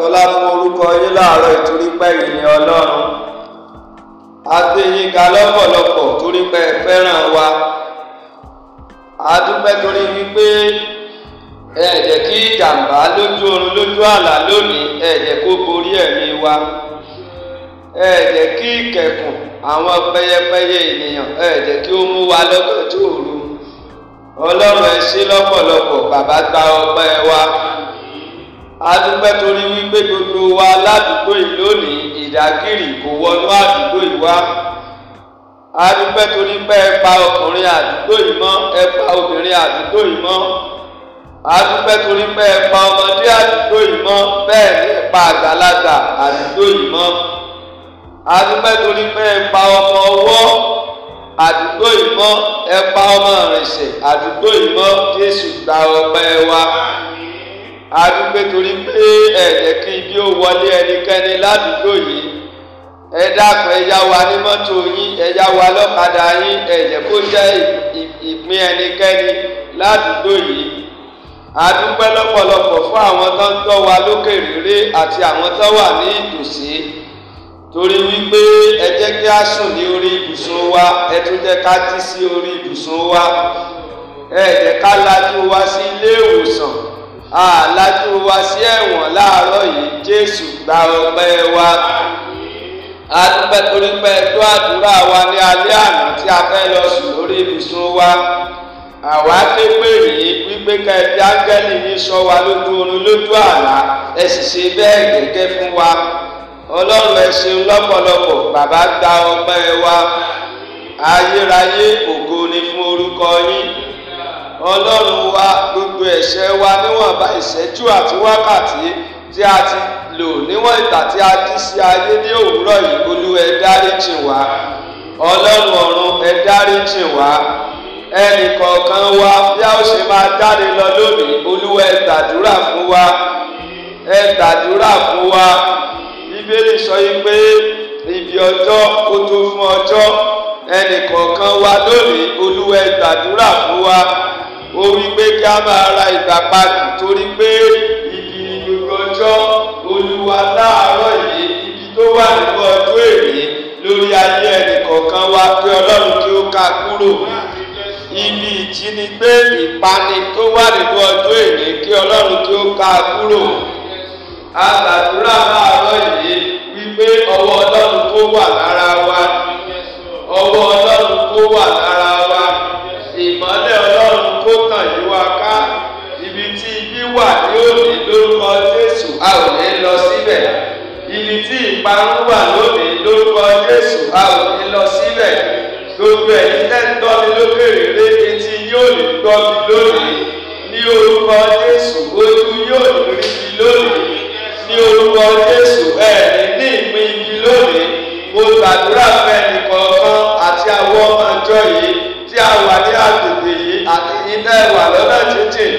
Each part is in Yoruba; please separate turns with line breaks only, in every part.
tọ́lá fún orúkọ yín láàárọ̀ ìtorí pẹ́ ìyìn ọlọ́run àgbéyìnká lọ́pọ̀lọpọ̀ torí pé fẹ́ràn wa àdúpẹ́ torí wípé ẹ jẹ́ kí ìjàmbá lójú oorun lójú àlá lónìí ẹ jẹ́ kó borí ẹ̀mí wa ẹ jẹ́ kí ìkẹ̀kùn àwọn pẹyẹpẹyẹ ènìyàn ẹ jẹ́ kí ó mú wa lọ́gànjọ́ òru ọlọ́run ẹ ṣé lọ́pọ̀lọpọ̀ bàbá gba ọpẹ́ wa adúpẹ́ torí wípé gbogbo wa ládùúgbò yìí lónìí ìdágìrì kò wọnú àdúgbò yìí wá adúpẹ́ torí pé ẹ pa ọkùnrin àdúgbò yìí mọ́ ẹ pa obìnrin àdúgbò yìí mọ́ adúpẹ́ torí pé ẹ pa ọmọdé àdúgbò yìí mọ́ bẹ́ẹ̀ ni ẹ pa àgbàlagbà àdúgbò yìí mọ́ adúpẹ́ torí pé ẹ pa ọmọ ọwọ́ àdúgbò yìí mọ́ ẹ pa ọmọ ìrìnsẹ̀ àdúgbò yìí mọ́ Jésù gba ọpẹ́ wa a adúgbò torí pé ẹ̀jẹ̀ kí ibi ó wọlé ẹnikẹ́ni ládùúgbò yìí ẹ dákun ẹ yá wa ní mọ́tò yín ẹ yá wa lọ́kadà yín ẹ̀jẹ̀ kó jẹ́ ìpín ẹnikẹ́ni ládùúgbò yìí adúgbò lọ́pọ̀lọpọ̀ fún àwọn tó ń tọ́ wa lókè réré àti àwọn tó wà ní ìtòsí torí wípé ẹ jẹ́ kí a sùn ní orí ibùsùn wa ẹ tún jẹ́ ká jí sí orí ibùsùn wa ẹ jẹ́ ká lajú wa sí ilé ìwòsàn àlájú wa sí ẹ̀wọ̀n láàárọ̀ yìí Jésù gba ọpẹ́ wa adúpẹ́ torí pé ẹjọ́ àdúrà wa ní alẹ́ àná tí a fẹ́ lọ sùn lórí ibùsùn wa àwa ké pè yìí wípé ká ẹ fi áńgẹ́lì yìí sọ wa lójú oorun lójú àlá ẹ sì ṣe bẹ́ẹ̀ gẹ́gẹ́ fún wa ọlọ́run ẹ ṣeun lọ́pọ̀lọpọ̀ bàbá gba ọpẹ́ wa ayérayé ògo ni fún orúkọ yín ọlọ́run wa gbogbo ẹ̀ṣẹ̀ wa níwọ̀nba ìṣẹ́jú àti wákàtí tí a ti lò níwọ̀n ìgbà tí a dí sí ayé ní òwúrọ̀ yìí olú ẹ dáríjì wá ọlọ́run ọ̀run ẹ dáríjì wá ẹnì kọ̀ọ̀kan wa bí a ó ṣe máa dáre lọ lónìí olúwa ẹ gbàdúrà fún wa ẹ gbàdúrà fún wa bíbélì sọ yìí pé ibi ọjọ́ ó tó fún ọjọ́ ẹnì kọ̀ọ̀kan wa lónìí olúwa ẹ gbàdúrà fún wa ó wí pé kí a máa ra ìtàpadì torí pé igi gbogbo ọjọ́ olúwa láàárọ̀ yìí ibi tó wà nínú ọjọ́ èrè lórí ayé ẹnì kọ̀ọ̀kan wa pé ọlọ́run kí ó ká kúrò ibi ìjínigbé ìpani tó wà nínú ọjọ́ èrè kí ọlọ́run kí ó ká kúrò àgbàdúrà láàárọ̀ yìí wípé ọwọ́ ọlọ́run kó wà lára wa ọwọ́ ọlọ́run kó wà lára. lórúkọ Jésù a ò ní lọ síbẹ̀ ibi tí ìparun wà lónìí lórúkọ Jésù a ò ní lọ síbẹ̀ gbogbo ẹ̀yin tẹ́ ń gbọ́ mi lókèrè pé etí yóò lè gbọ́ mi lónìí ní orúkọ Jésù ojú yóò lè rí mi lónìí ní orúkọ Jésù ẹ̀rín ní ìpín ibi lónìí mo gbàdúrà fẹ́ni kọ̀ọ̀kan àti àwọn ọmọ ìjọ yìí tí a wà ní agbègbè yìí àti ilé ẹ̀wà lọ́nà jíjìn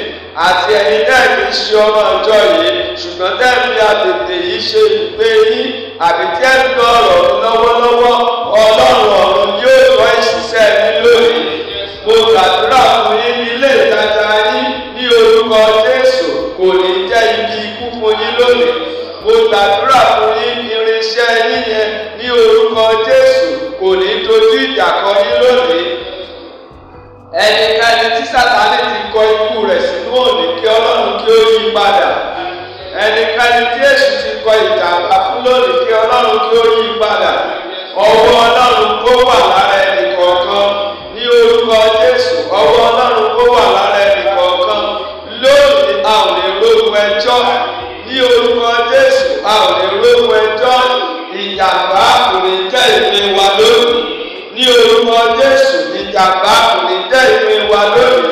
àti ẹ̀yin náà kì í ṣe ọmọ ìjọ yìí ṣùgbọ́n tẹ́ẹ̀mí àtètè yìí ṣe ìgbé yín àbí tẹ́ẹ̀mí ọ̀rọ̀ lọ́wọ́lọ́wọ́ ọlọ́run ọ̀run yóò lọ ìṣiṣẹ́ mi lónìí mo gbàdúrà fún yín ní ilé ìtajà yín ní orúkọ Jésù kò ní jẹ́ ibi ikú fún yín lónìí mo gbàdúrà fún yín irinṣẹ́ yín yẹn ní orúkọ Jésù kò ní dojú ìjà kọ yín lónìí ẹnikẹ́ni tí Sátánì ti kọ ikú rẹ̀ ló yí padà ẹnikẹ́ni tí èṣù ti kọ ìjàmbá fún lónìí kí ọlọ́run kí ó yí padà ọwọ́ ọlọ́run kó wà lára ẹnì kọ̀ọ̀kan ní orúkọ jésù ọwọ́ ọlọ́run kó wà lára ẹnì kọ̀ọ̀kan lónìí a ò lè rógun ẹjọ́ ní orúkọ jésù a ò lè rógun ẹjọ́ ìjàmbá kò ní jẹ́ ìpín wa lónìí ní orúkọ jésù ìjàmbá kò ní jẹ́ ìpín wa lónìí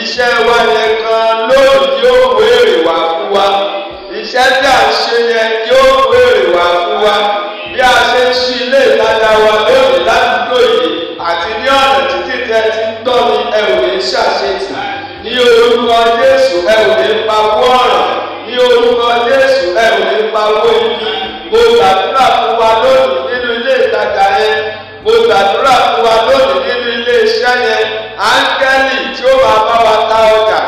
iṣẹ́ wa yẹn kan náà yóò wéèrè wá fún wa iṣẹ́ tí a ṣe yẹn yóò wéèrè wá fún wa bí a ṣe ń ṣí ilé ìtajà wa lónìí ládùúgbò yìí àti ní ọ̀nà títí tẹ ti ń tọ́ ni ẹ ò ní ṣàṣetì ní orúkọ Jésù ẹ ò ní pawọ́ ọ̀ràn ní orúkọ Jésù ẹ ò ní pawọ́ ibi mo gbàdúrà fún wa lónìí nínú ilé ìtajà yẹn mo gbàdúrà fún wa lónìí nínú ilé iṣẹ́ yẹn áńgẹ́lì tí ó máa bá wa ta ọjà.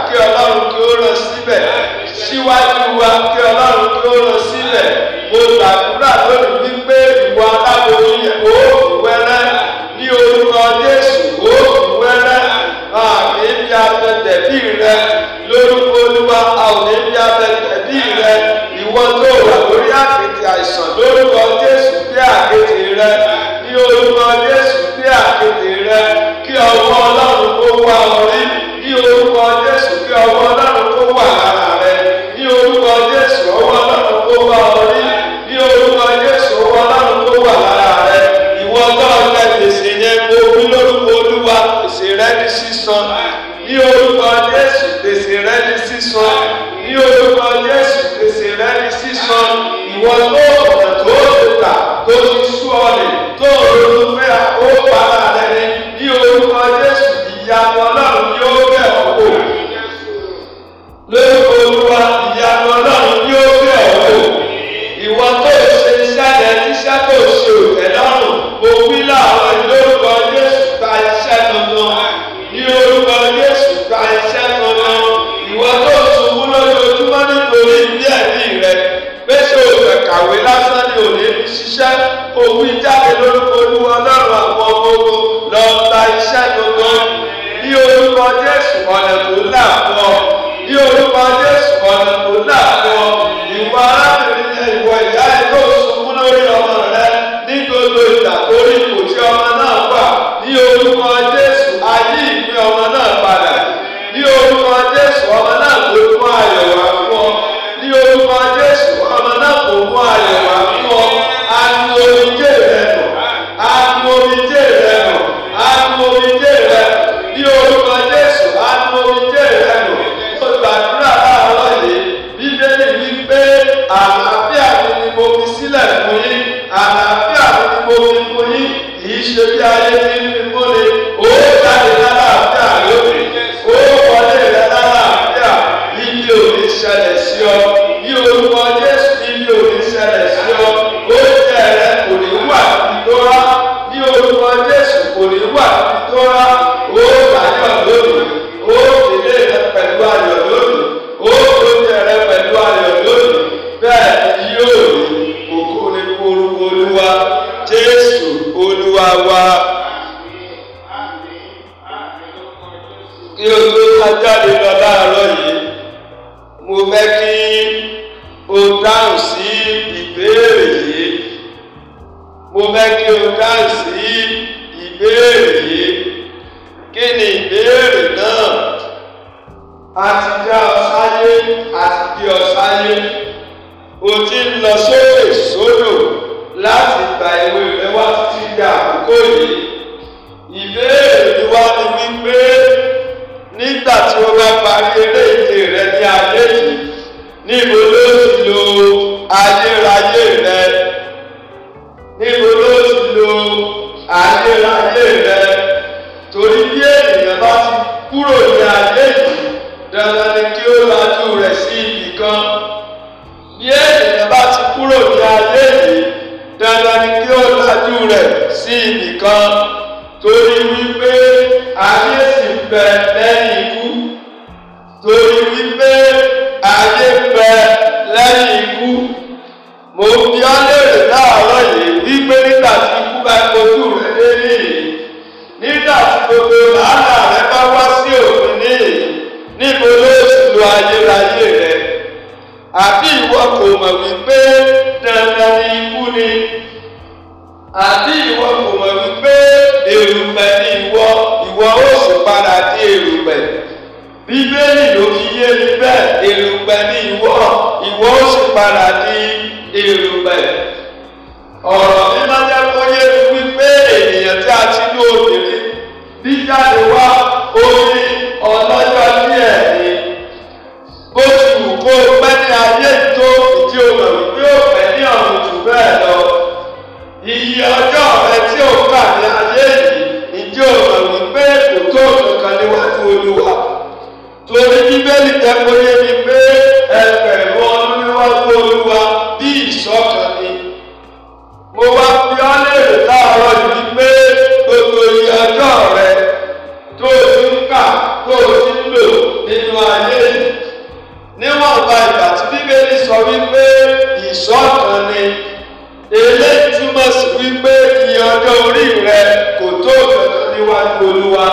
olúwa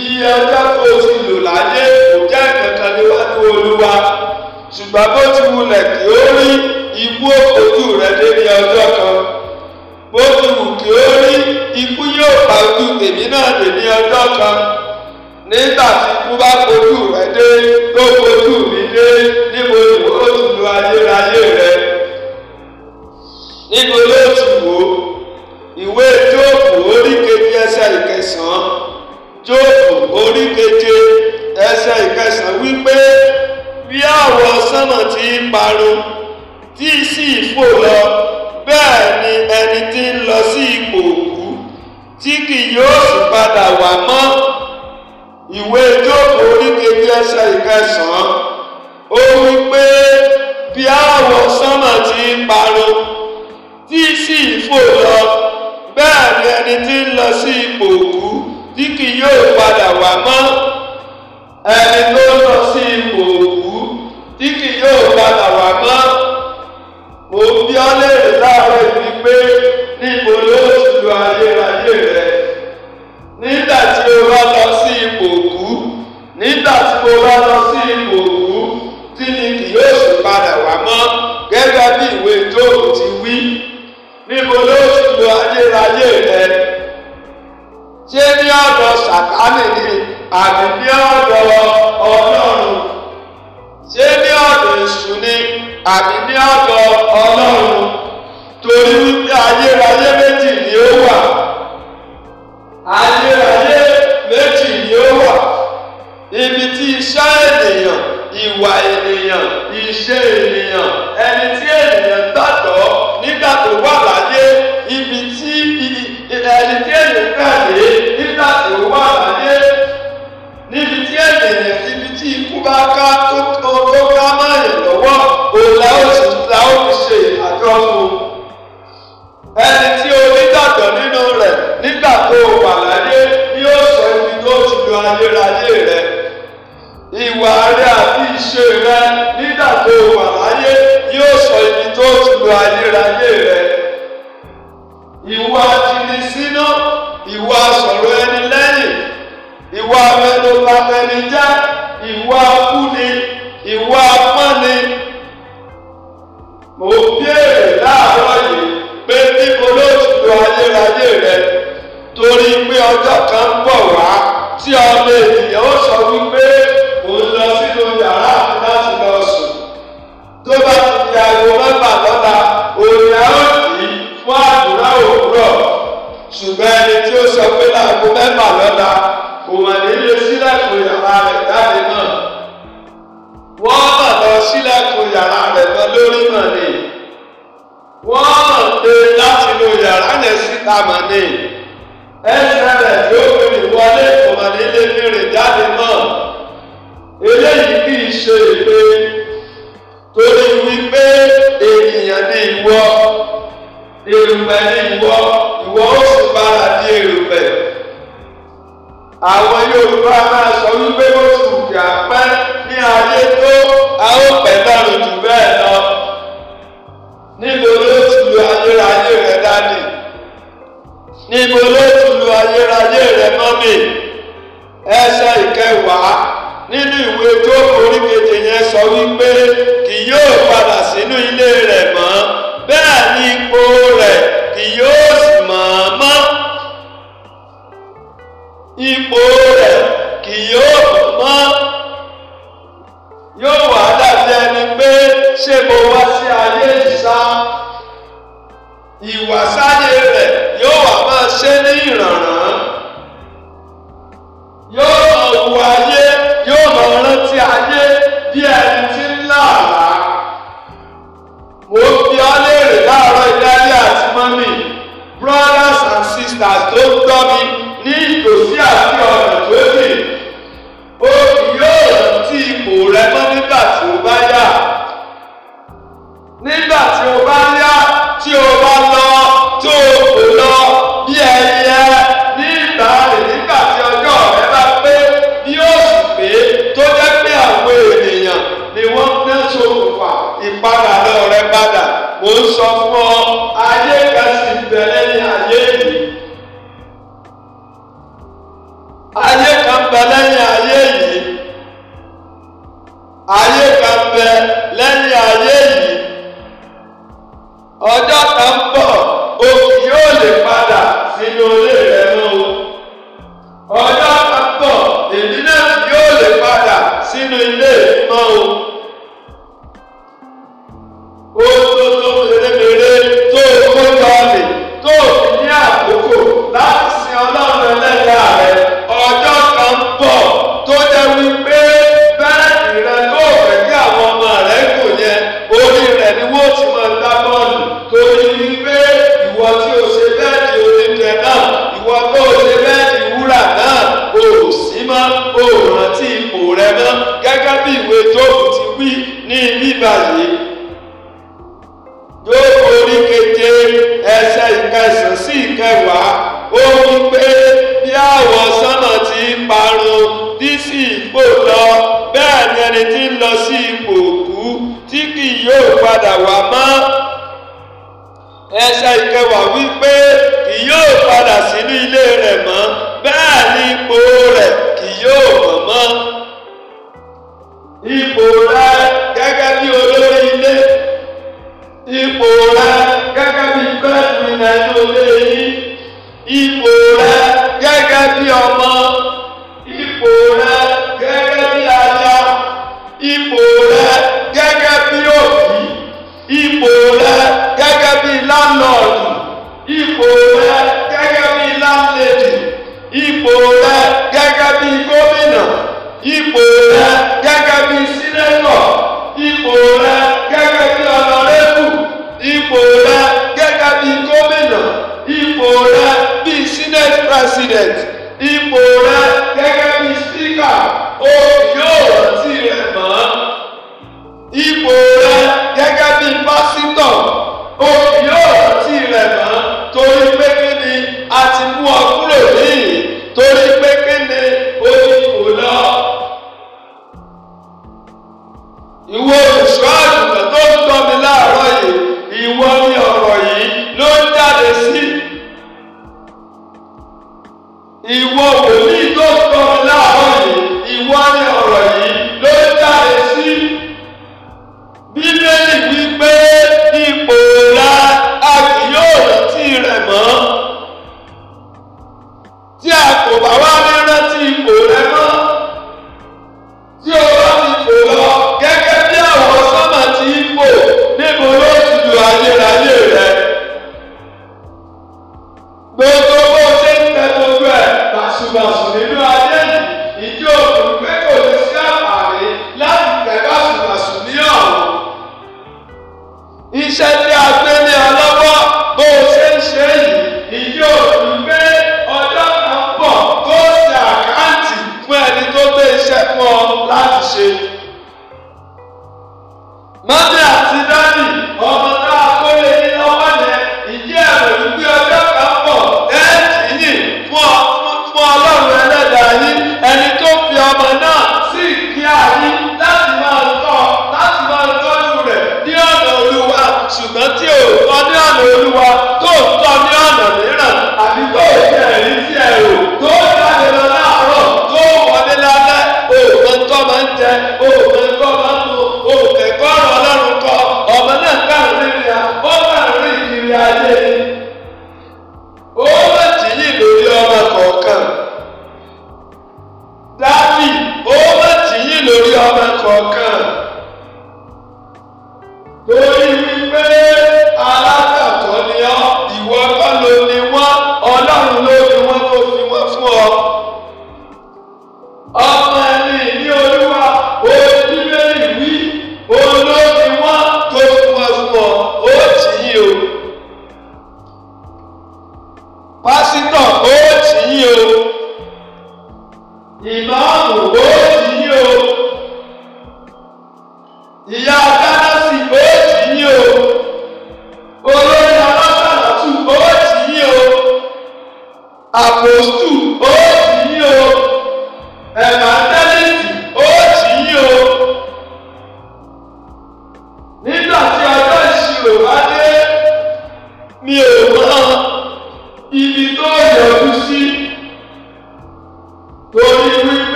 iye ọjọ́ tó o ti lò láyé kò jẹ́ kankan níwájú olúwa ṣùgbọ́n bó ti wulẹ̀ kí ó rí ikú ojú rẹ dé ní ọjọ́ kan bó ti wù kí ó rí ikú yóò pa ojú tèmi náà dé ní ọjọ́ kan nígbà tí ikú bá fojú rẹ dé tó fojú mi dé níbo ìwọ ó ti lo ayérayé rẹ níbo ló ti wò ó ìwé tí ó kù ó ẹsẹ̀ ìkẹsàn-án Jóòbù orí keje ẹsẹ̀ ìkẹsàn-án wípé bí àwọ̀ sánmà ti ń parun tí sì fò lọ bẹ́ẹ̀ ni ẹni tí ń lọ sí ipò òkú tí kì yóò sì padà wá mọ́ ìwé Jóòbù orí keje ẹsẹ̀ ìkẹsàn-án ó wípé bí àwọ̀ sánmà ti ń parun tí sì fò lọ bẹ́ẹ̀ ni ẹni tí ń lọ sí ipò òkú tí kì yóò padà wá mọ́ ẹni tó ń lọ sí ipò òkú tí kì yóò padà wá mọ́ mo bí ọ́ ọ̀dọ̀ sàtánì ni àbí ní ọ̀dọ̀ ọlọ́run ṣé ní ọ̀dọ̀ èṣù ni àbí ní ọ̀dọ̀ ọlọ́run
torí wípé ayérayé méjì ni ó wà
ayérayé méjì ni ó wà ibi tí iṣẹ́ ènìyàn ìwà ènìyàn ìṣe ènìyàn ẹni ẹni tí onígbàgbọ́ nínú rẹ̀ nígbà tó o wà láyé yóò sọ ibi tó ti lo ayérayé rẹ̀ ìwà rẹ àti ìṣe rẹ nígbà tó o wà láyé yóò sọ ibi tó ti lo ayérayé rẹ̀ ìwà tí ọmọ ènìyàn ó sọ wípé òun lọ sínú yàrá láti lọ sùn tó bá ti di aago mẹ́fà lọ́la òun á dì í fún àdúrà òwúrọ̀ ṣùgbọ́n ẹni tí ó sọ pé láago mẹ́fà lọ́la kò mà nílé sílẹ̀kùn yàrá rẹ̀ jáde náà wọ́n mà lọ sílẹ̀kùn yàrá rẹ̀ lọ lórí mọ̀ ni wọ́n mà dé láti lo yàrá yẹn síta mọ̀ ni ẹsẹ̀rẹ̀ tí ó fi rìn wọlé kò mà ní lè fi rìn jáde mọ́ eléyìí kì í ṣe ìpè torí wípé ènìyàn ní ìwọ èrùpẹ̀ ní ìwọ ìwọ ó sì bára ní èrùpẹ̀ àwọn Yorùbá máa sọ wípé ó sì jà pẹ́ ní ayé tó a ó pẹ̀ dànù jù bẹ́ẹ̀ lọ níbo ló ti lu ayérayé rẹ̀ dání níbo ló ti olùgbàlà ayérayé rẹ mọ́ mi ẹsẹ̀ ìkẹwàá nínú ìwé tó orí kejì yẹn sọ wípé kì yóò padà sínú ilé rẹ̀ mọ́ bẹ́ẹ̀ ni ipò rẹ̀ kì yóò sì mọ̀ ọ́n mọ́ ipò rẹ̀ kì yóò mọ́ yóò wá dàbí ẹni pé ṣé mo wá sí ayé ìsá ìwàsá ṣe ní ìrànràn yóò mọ wu ayé yóò mọ rántí ayé bí ẹni tí ń làálàá mo fi ọ́ léèrè láàárọ̀ ìdálé àti mọ́mì brothers and sisters tó ń gbọ́ mi ní ìtòsí àti ọ̀nà tó lè ó yóò rántí ipò rẹ mọ́ nígbà tí ó bá yà nígbà ìpadà lọ rẹ padà mò ń sọ fún ọ ayé kan sì bẹ̀rẹ̀ ní ayé yìí
ayé kan bẹ lẹ́yìn ayé
yìí ayé kan bẹ lẹ́yìn ayé yìí ọjọ́ kan bẹ. lọ bẹ́ẹ̀ ni ẹni tí ń lọ sí ipò òkú tí kì yóò padà wá mọ́ ẹsẹ̀ ìkẹwàá wípé kì yóò padà sínú ilé rẹ̀ mọ́ bẹ́ẹ̀ ni ipò rẹ̀ kì yóò mọ̀ mọ́ ipò rẹ̀ gẹ́gẹ́ bí olórí ilé ipò rẹ̀ gẹ́gẹ́ bí gómìnà inú ilé ipò rẹ̀ gẹ́gẹ́ bí ọmọ ipò rẹ̀. láńlọ́ọ̀dù ipò rẹ gẹ́gẹ́ bí láńlẹ́dì ipò rẹ gẹ́gẹ́ bí gómìnà ipò rẹ gẹ́gẹ́ bí sínẹ́tọ̀ ipò rẹ gẹ́gẹ́ bí ọ̀nàrẹ́bù ipò rẹ gẹ́gẹ́ bí gómìnà ipò rẹ bí senate president ipò rẹ gẹ́gẹ́ bí speaker o yóò tirẹ̀ mọ́ ipò rẹ gẹ́gẹ́ bí pásítọ̀ o yóò. a ti mú ọ kúrò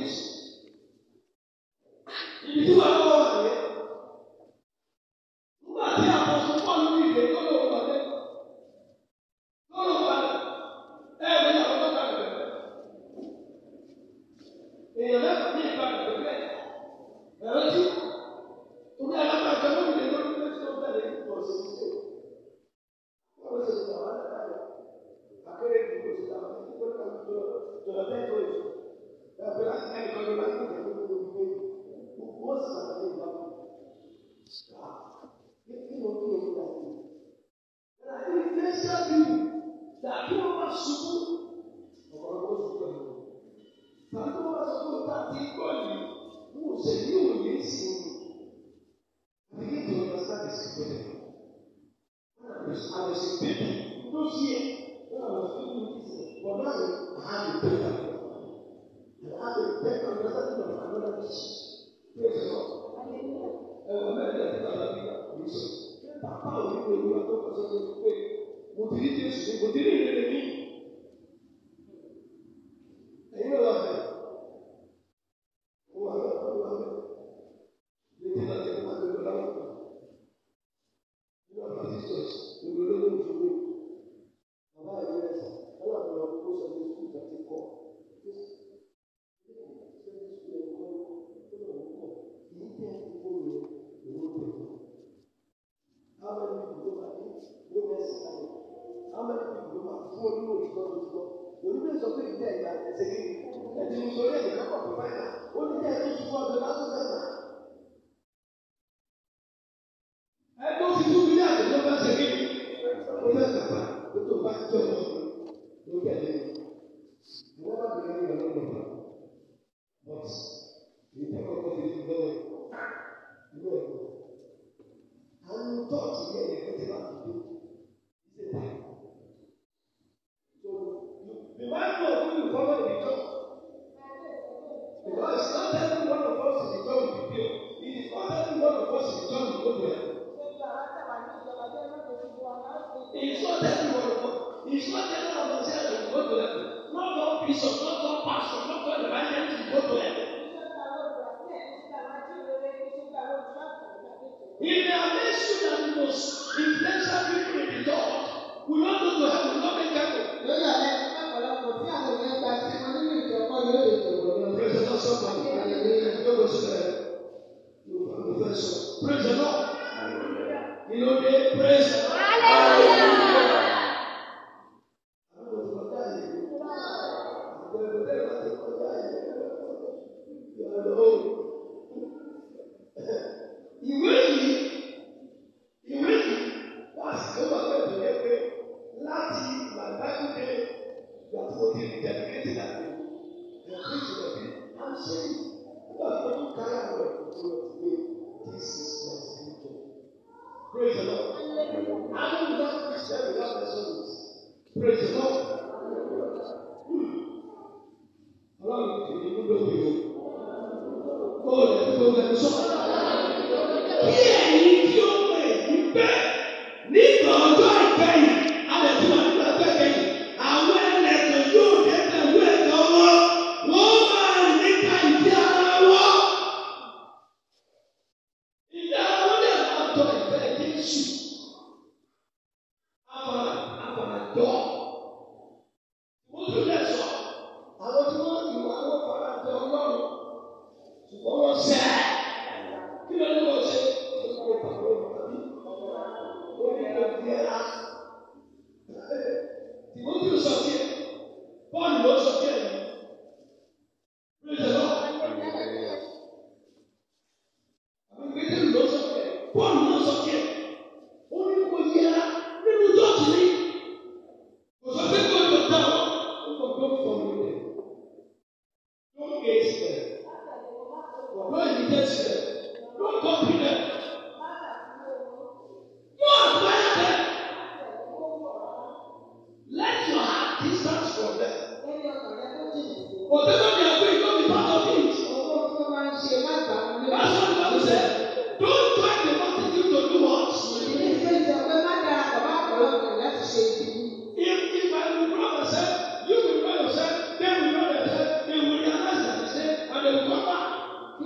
this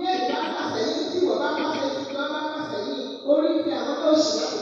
bí ẹ̀dá bá tí wọ́n bá bá sẹ́yìn tí wọ́n bá bá sẹ́yìn orí ti àwọn tó ṣe é.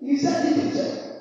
He said it himself.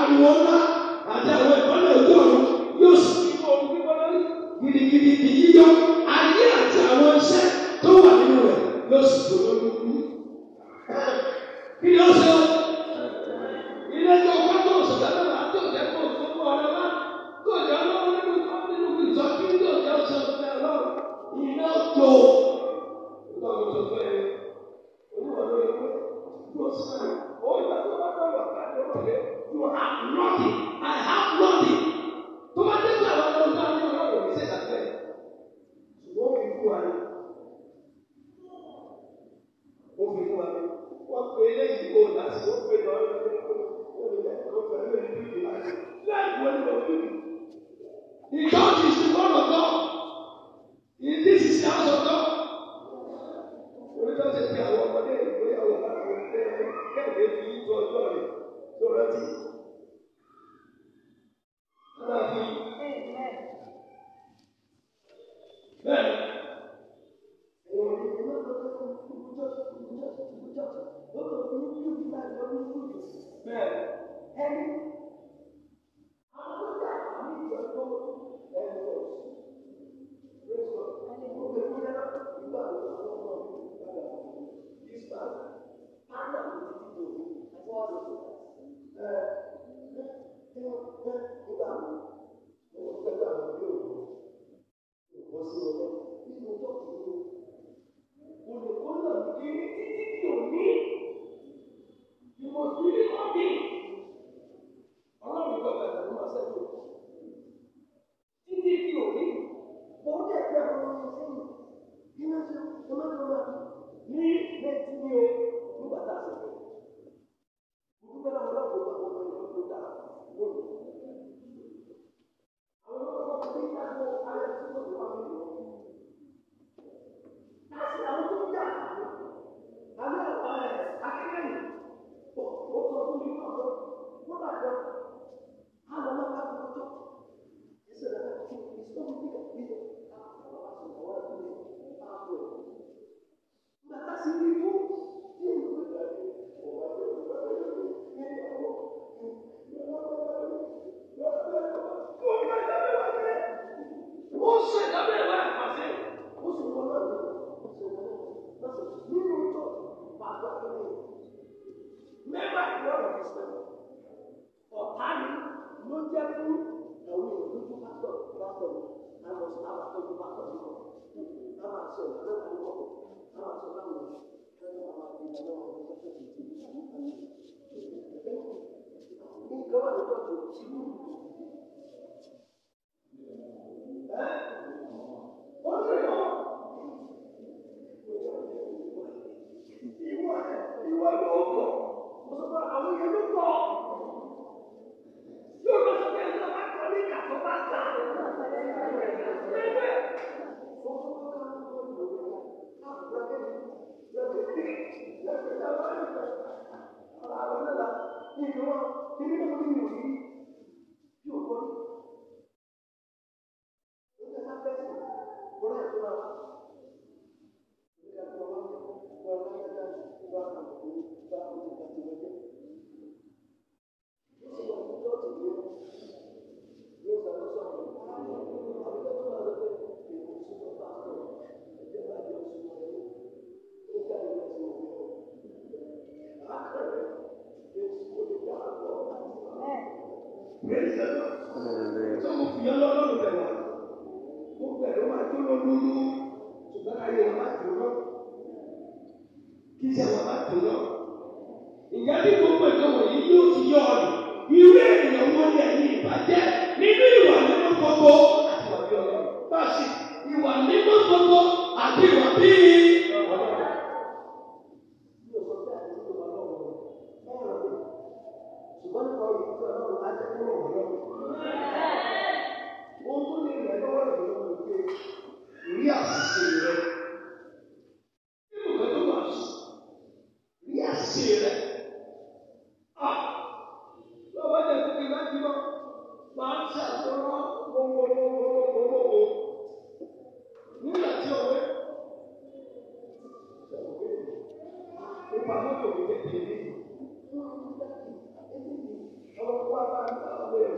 ariwo ńlá àti àwọn ìmọ́lẹ̀ ojú ọ̀run yóò sì ní ohun gbígbóná rí gidigidi yíyọ ayé àti àwọn iṣẹ́ tó wà nínú rẹ̀ yóò sì dòwó lórí.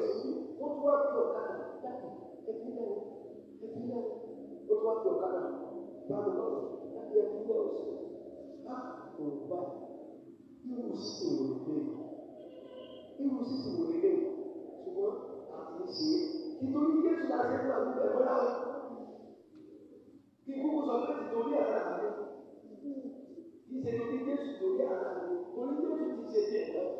èṣù ó tún wá pè ọ̀kadà dáàbò ẹbí lẹ́wọ̀ ẹbí lẹ́wọ̀ ó tún wá pè ọ̀kadà báwo lọ́wọ́ láti ẹbí lẹ́wọ̀ sí a kò bá irú sísè wò lè irú sísè wò lè ṣùgbọ́n àti ṣe é nítorí Jésù la ṣe fún àgùnbẹ̀ mọ́ra o kí kúkú sọ pé tìtorí ẹ̀ lára mi kì í ṣe torí Jésù torí ara mi torí Jésù ti ṣe díẹ̀ lọ́wọ́.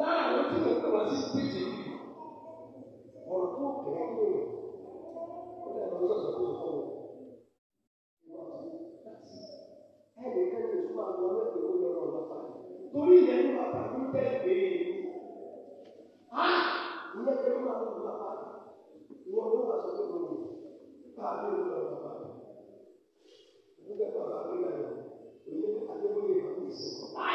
lára àwọn tí mo pè wọ́n sí péjì ọ̀rọ̀ tó kẹ́ẹ́ lè rẹ̀ wọn. ẹnì kan ní ìṣúná àwọn ọlọ́dẹ ó lọ́rọ̀ bàbá torí ilẹ̀ ní bàbá ló tẹ́ gbèrè ìlú. E. a ilé ẹgbẹ́ ló máa ń lọ bàbá ìwọ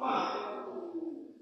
Ah.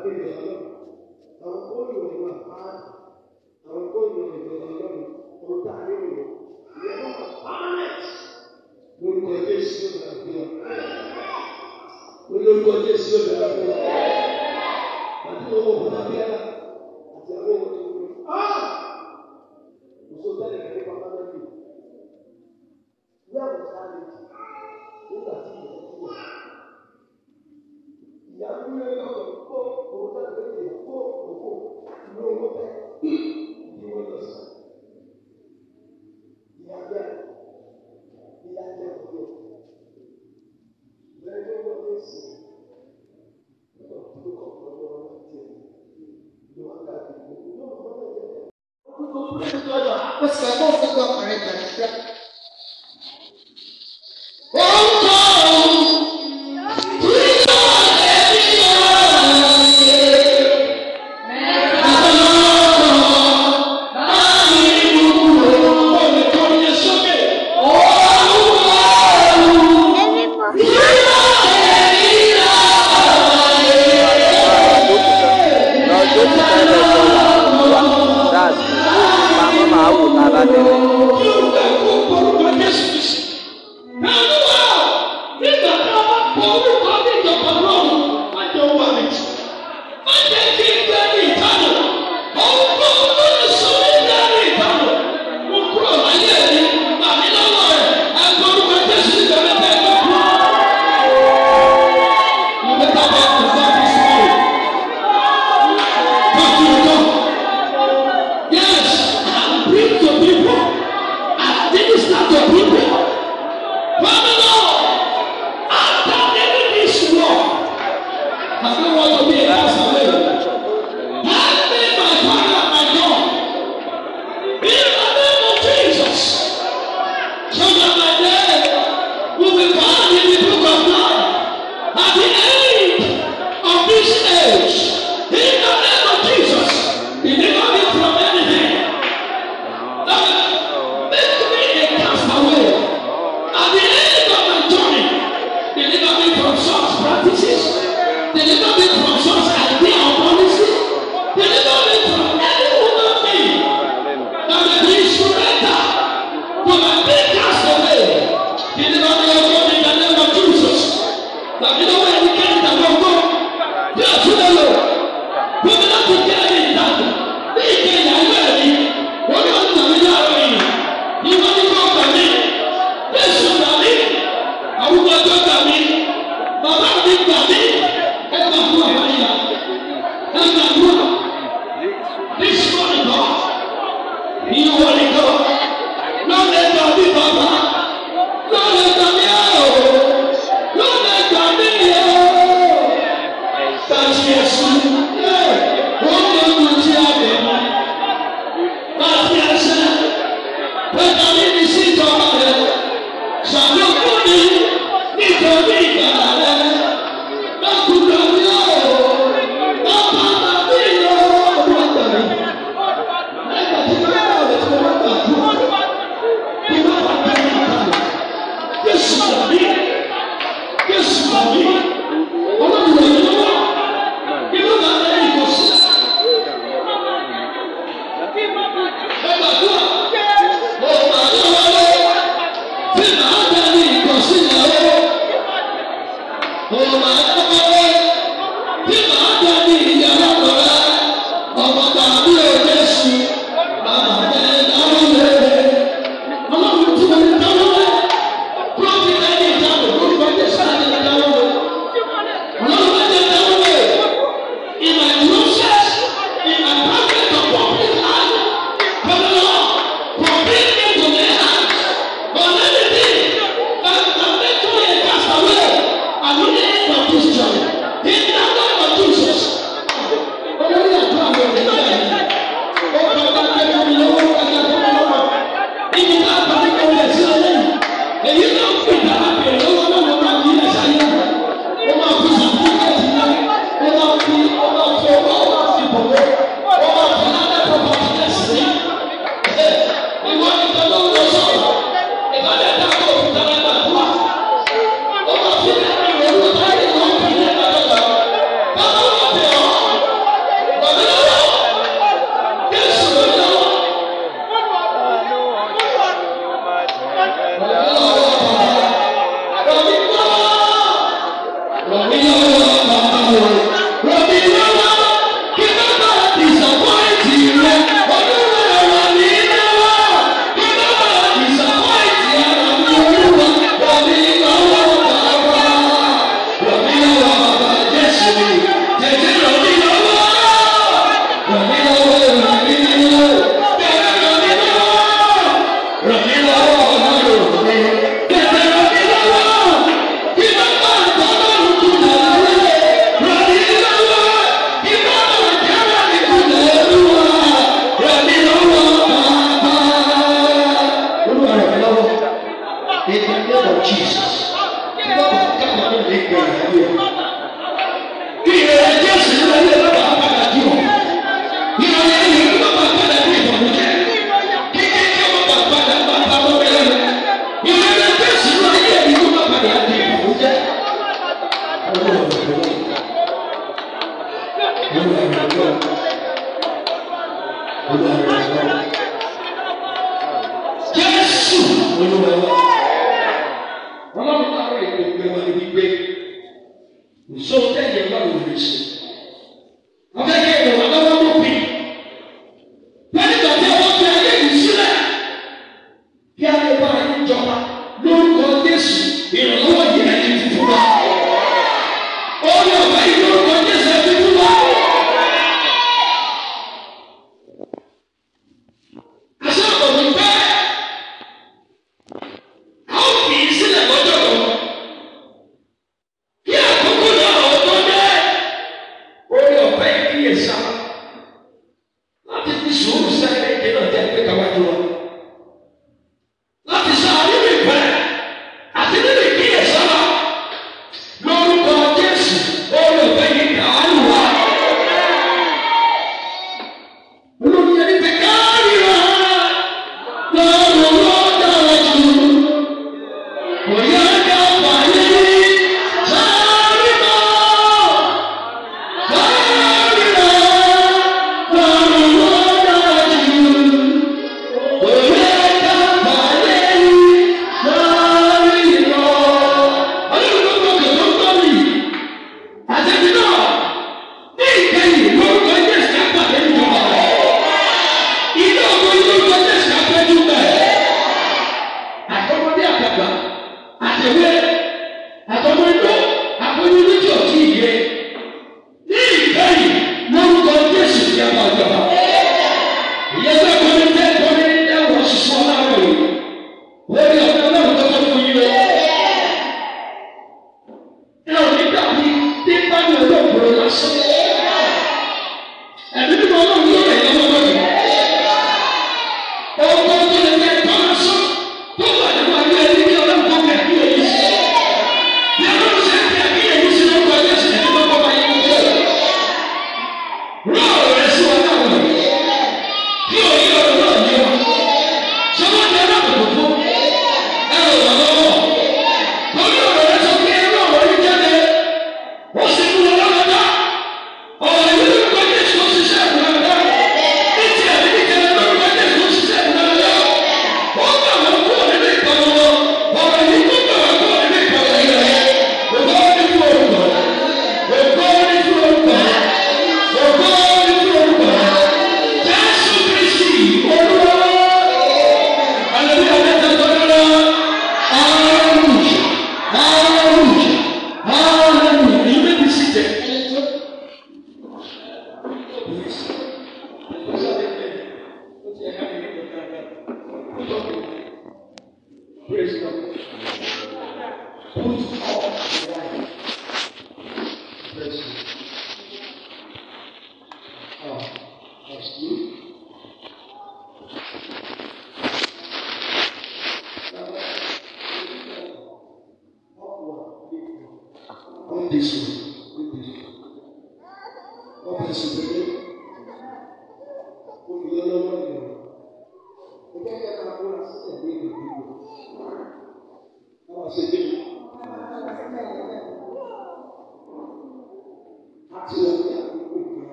àbẹ̀rẹ̀ ọlọ́run àwọn tó yọ ìwà pàán àwọn tó yọ ìwà ọlọ́run tó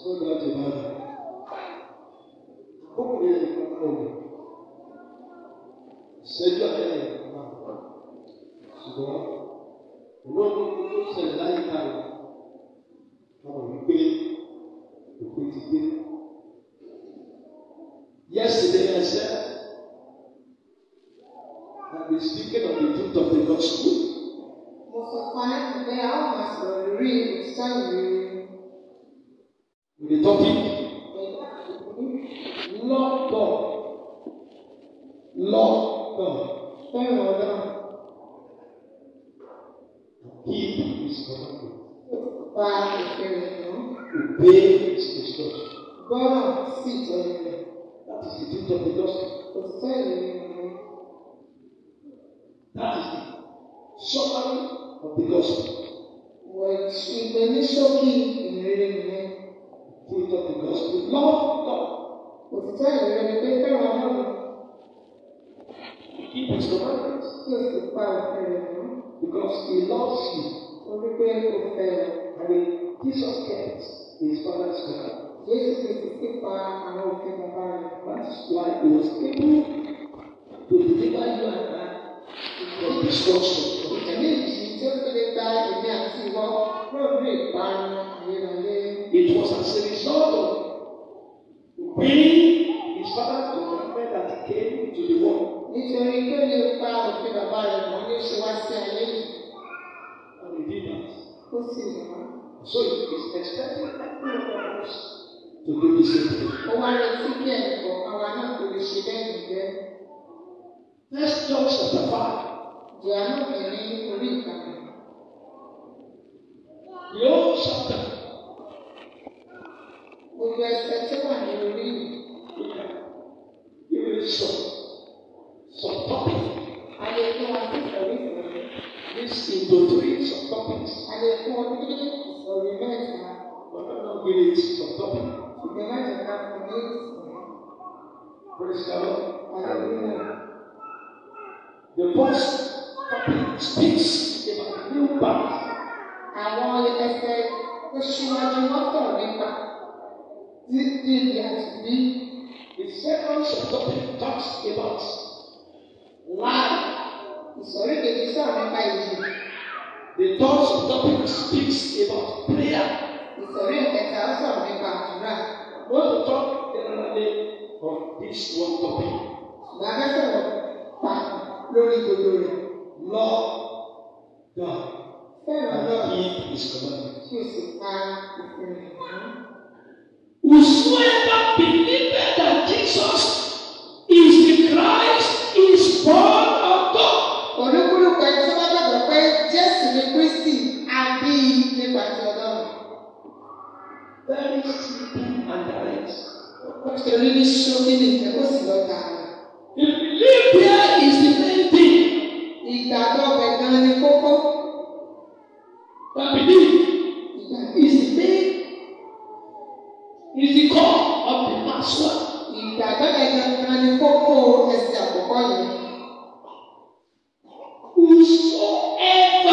sódà ti bá rẹ̀. Kókò yẹn nìkan kọ̀ wọ̀. Ìṣẹ́jú àyẹ̀yẹ̀. God sits on you. That is the gift of the gospel. Concerning that is the summary of the gospel. When she initial key in reading the gift of the gospel, love God. Òtítọ́ ìrìn ni pé fẹ́ràn Ọlọ́run. Keep his commandments. Kí o sì pa òfin mọ́. Because he loves you. Ó ní pé o fẹ́ràn. I mean, Jesus kept his father's commandments. Jésù Kristi sì pa àwọn òfin bàbá rẹ̀. That's why he was able to deliver you and I from destruction. Ẹ̀mí ìjì tí ó fi lè gba èmi àti ìwọ lórí ìparun ayérayé. It was as a result of being his father's commandment that he came to the world. Nítorí pé mi ò pa
òfin bàbá rẹ̀ mọ́ ní ṣe wá sí ayé yìí.
And he did that. Ó sì mọ̀. So it is expected that everyone of us tó débi ṣe tẹ̀.
Ó wá lọ sí bí ẹnì kọ̀ọ̀kan wa náà kò
lè ṣe bẹ́ẹ̀ nìgbẹ́. Next John chapter five. Ìyànà kẹrin orí ìkàkùn. Yóò ṣàtà. Gbogbo ẹsẹ̀ tí wà ní orí ìkà. Ìwé sọ. Sọ tọ́pì. Ayé fún wa ní ìkọ̀rí ìkọ̀rí. This is the three subtopics. Ayé fún wa ní ìkọ̀rí mẹ́ta. Bàbá náà gbé e ti subtopic ìgbẹ́ láti ká fún ní ìsìn. Pẹ̀lú àdúgbò. The box topic speaks about new path. Àwọn ẹsẹ̀ tó ṣíwájú wọ́n sọ̀rọ̀ nípa títí ní àtìbí. The second topic talks about lie. Ìsọ̀rí kejì sọ̀rọ̀ nípa ìjì. The third topic speaks about prayer. Ìsọ̀rí ìkẹta sọ̀rọ̀ nípa tonight, I want to talk generally on this one topic. Love God. And keep his commandments.
Whosoever believeth that
Jesus is the Christ is born of God. Olúkúlùkù ẹni tó bá gbàgbọ́ pé Jésù ni Kristi á bí nípa ti very slipping and direct. Nítorí ní ṣókí ni ìfẹ́ kò sí lọ́ta. Belief there is the main thing. Ìgbàgbọ́ ọ̀bẹ gan ni kókó. The belief is the main is the core of the master. Ìgbàgbọ́ ọ̀bẹ gan ni kókó ẹsẹ̀ àkọ́kọ́ yẹn. Whosoever.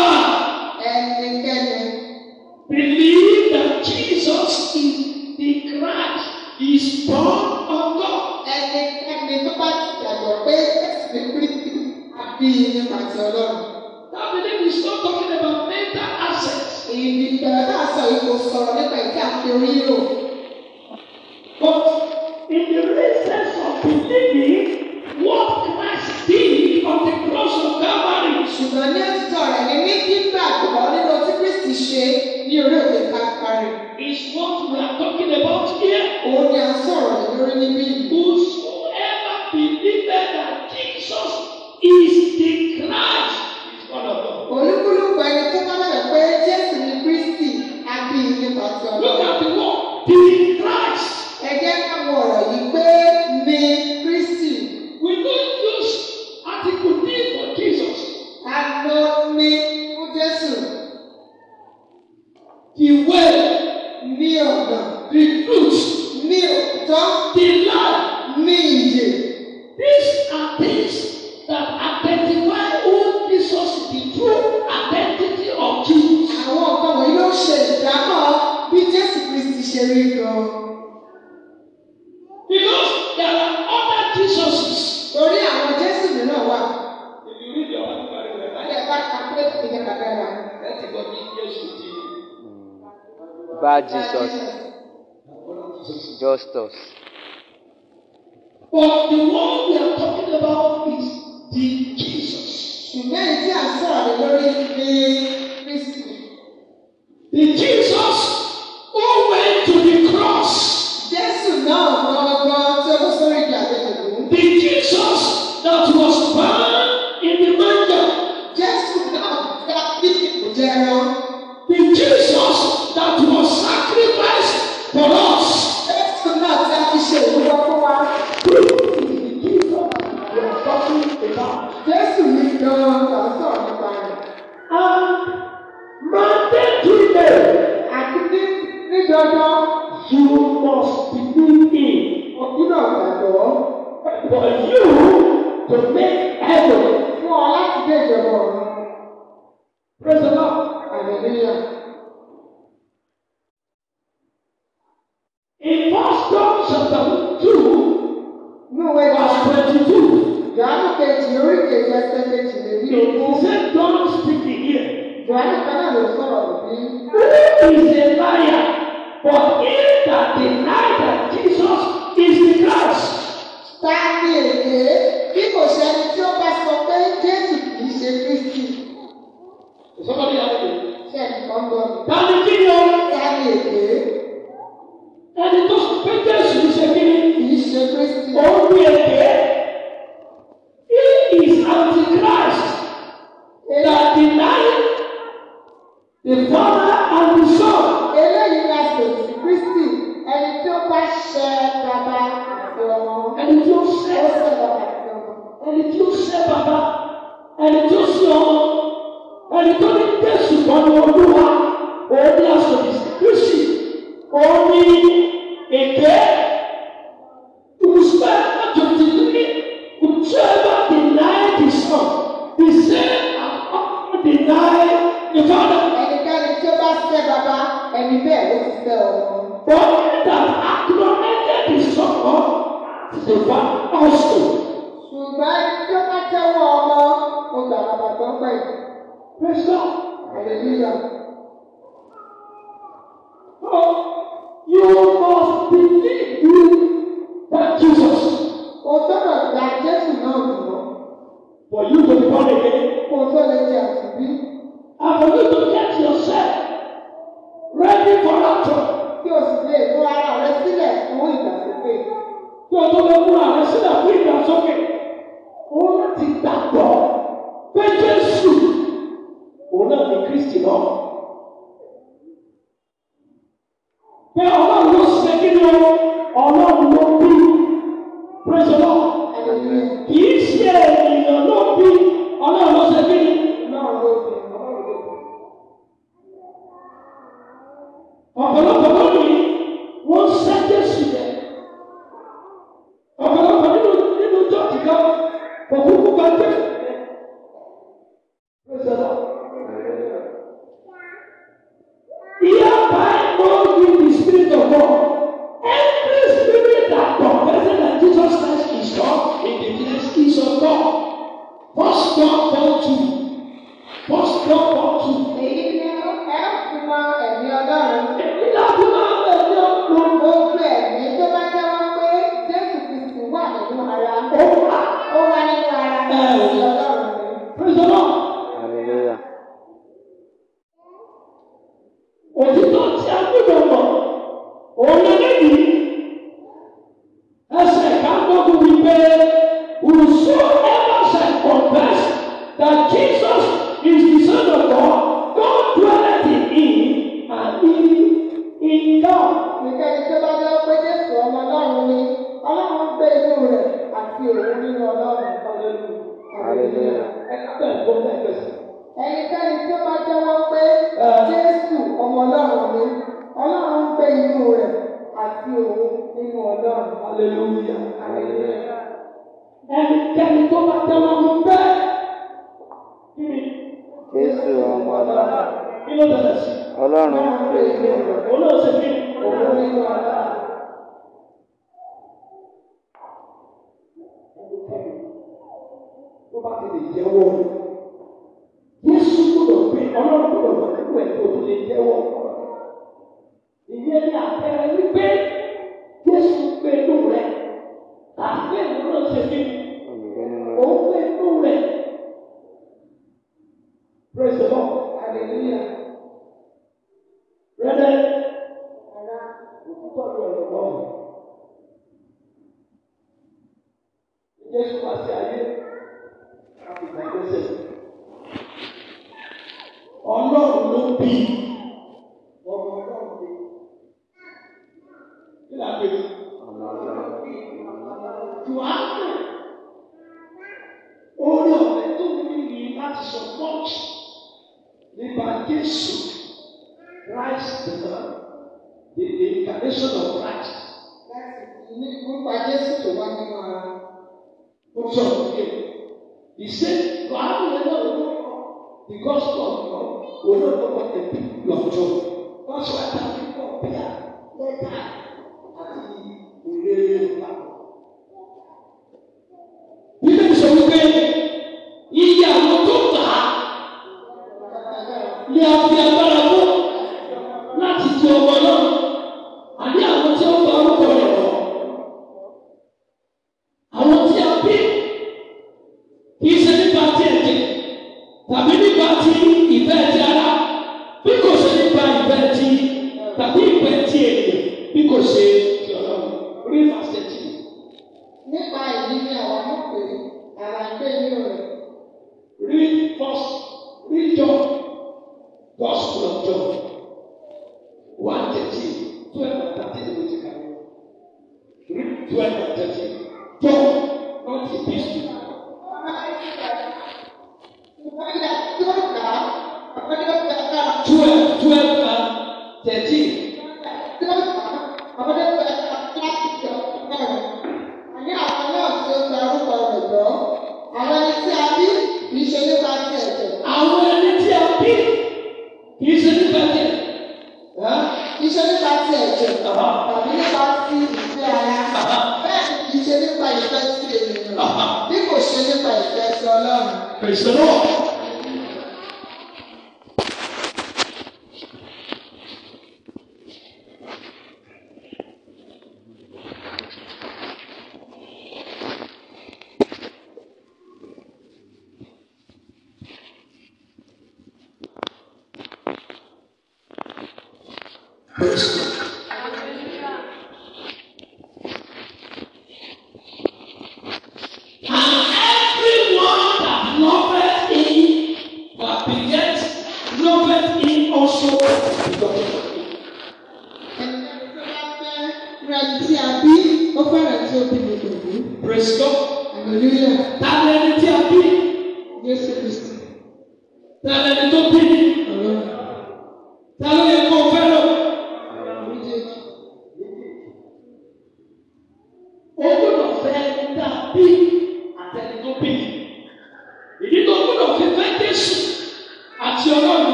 ṣùgbọ́n ọgọ́ ẹnikẹ́ni tó bá ti gbàgbọ́ pé ẹ̀sìn kristi àbí nípasẹ̀ ọlọ́run. That belief is not talking about mental assets. Èyí bẹ̀rẹ̀ náà sọ ipò sọ̀rọ̀ nípa ìdí àfihàn yìí o. But in the real sense of believing what Christ did on the cross of Calvary. Ṣùgbọ́n ní ẹ̀sìn rẹ̀ ní ní gbígbàgbọ́ nínú tí Kristi ṣe ní orí òkè Calvary. is what we are talking about here. Òun the a sọ̀rọ̀ lè lórí níbí. Whosoever believes that Jesus is the Christ. Because there are other Bad Jesus,
justice. But the
one we are talking about is the Jesus. Ṣùgbọ́n èyí tí a sọ̀rọ̀ lórí ní Kristi. The Jesus who went to Jésù náà gbọ́ngbọ́n tí ó lọ sórí ìgbà àgbẹ̀kùn. The Jesus that was born in the manger. Jésù náà gbà bí ìjẹun. you to make heaven. Fún ọ láti dé ìjọba ọ̀run. Praise the Lord. Hallelujah. tó bá ti lè jẹ́wọ́ Jésù gbọ́dọ̀ pé ọlọ́run gbọ́dọ̀ pẹ̀lú ẹ̀ tó lè jẹ́wọ́ ìyẹn ni àpẹẹrẹ wípé.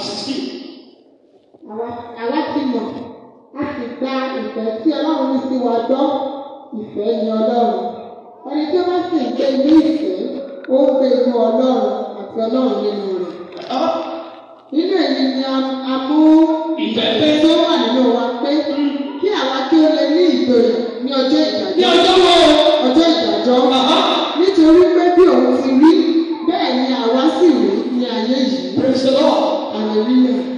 sixty. Àwa ti mọ̀, a sì gba ìfẹ́ tí Ọlọ́run ní sí wa gbọ́, ìfẹ́ ni Ọlọ́run. Ẹni tí ó bá sì gbé inú ìfẹ́, ó ń gbé inú Ọlọ́run àti Ọlọ́run nínú rẹ̀. Nínú èyí ni a mú ìfẹ́ tó wà nínú wa pé hmm. kí àwa kí ó lè ní ìgboyà ní ọjọ́ ìdájọ́. Ní ọjọ́ wo? Ọjọ́ ìdájọ́. Nítorí pé bí òun ti rí, bẹ́ẹ̀ ni àwa sì rí ní ayé yìí. Praise the Lord. Aleluia.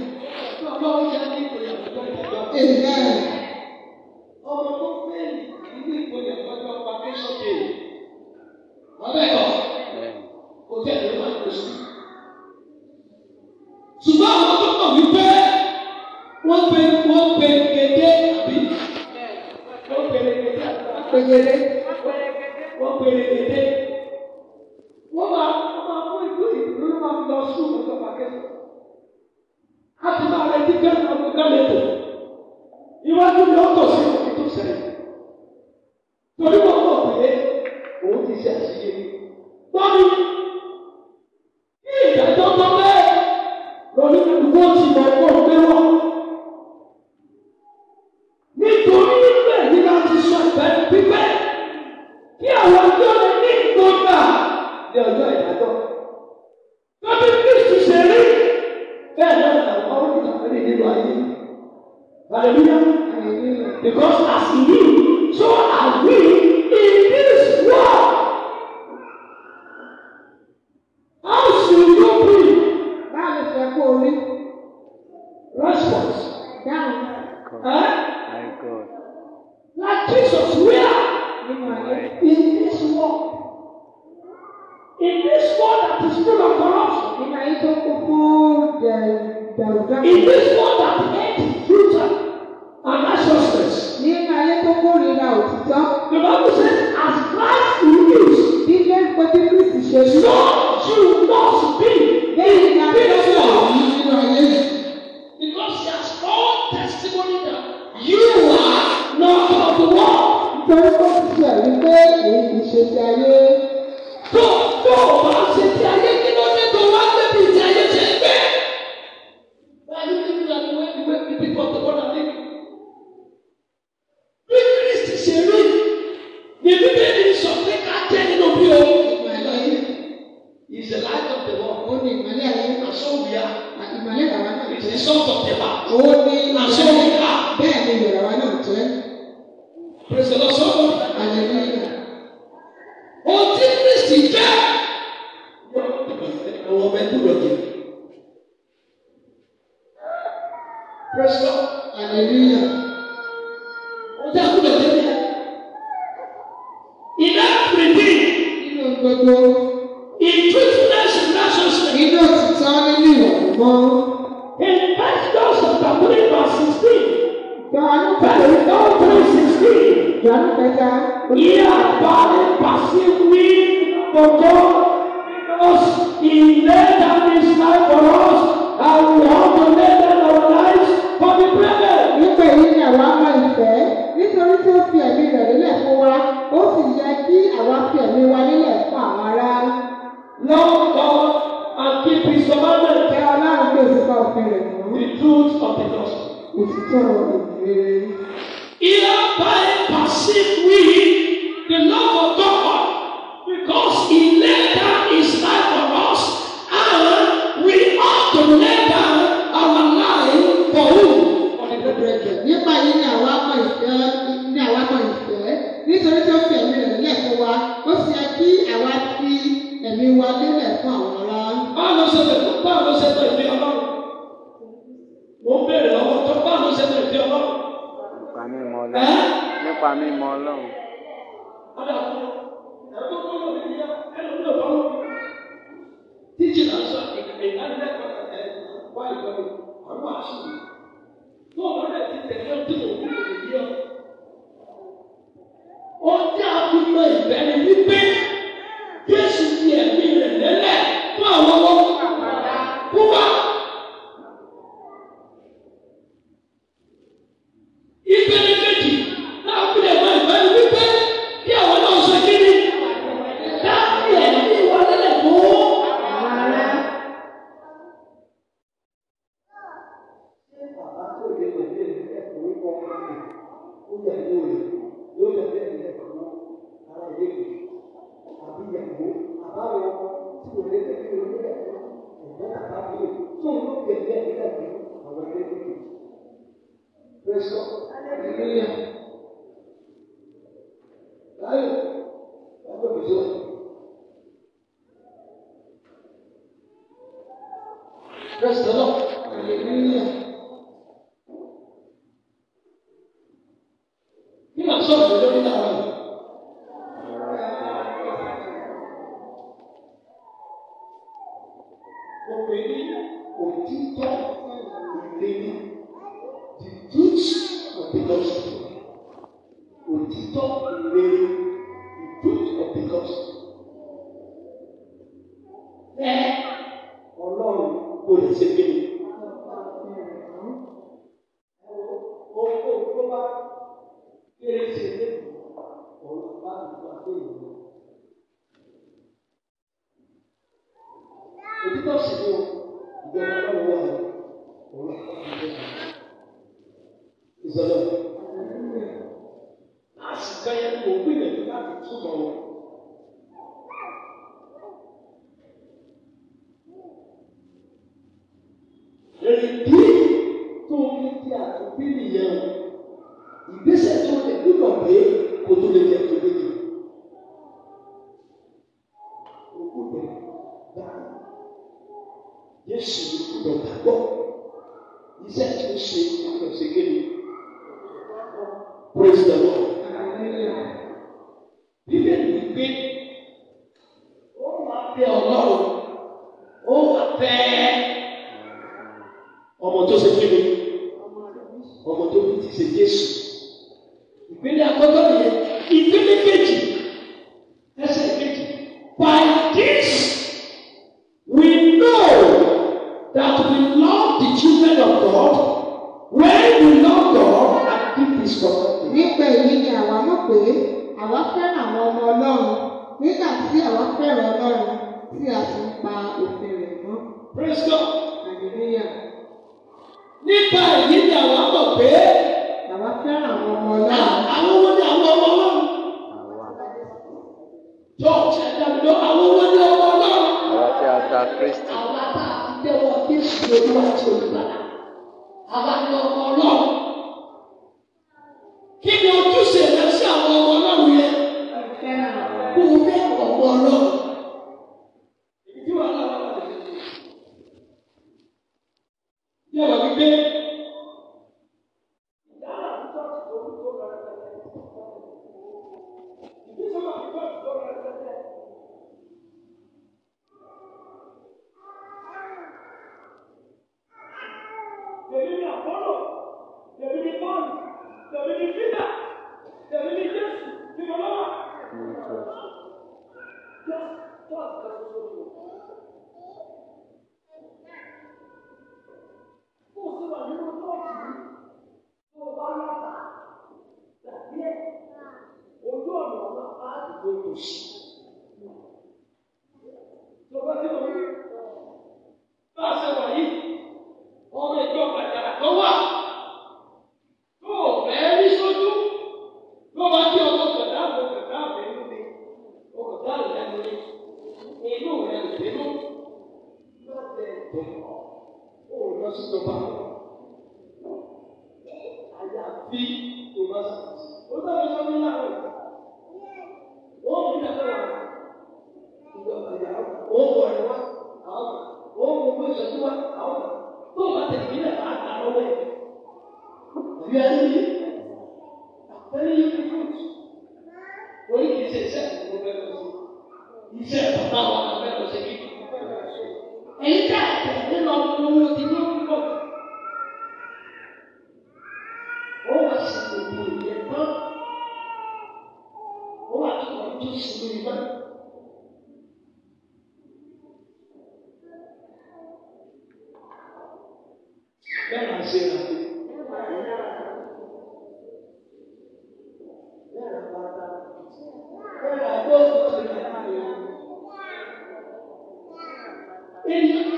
Ele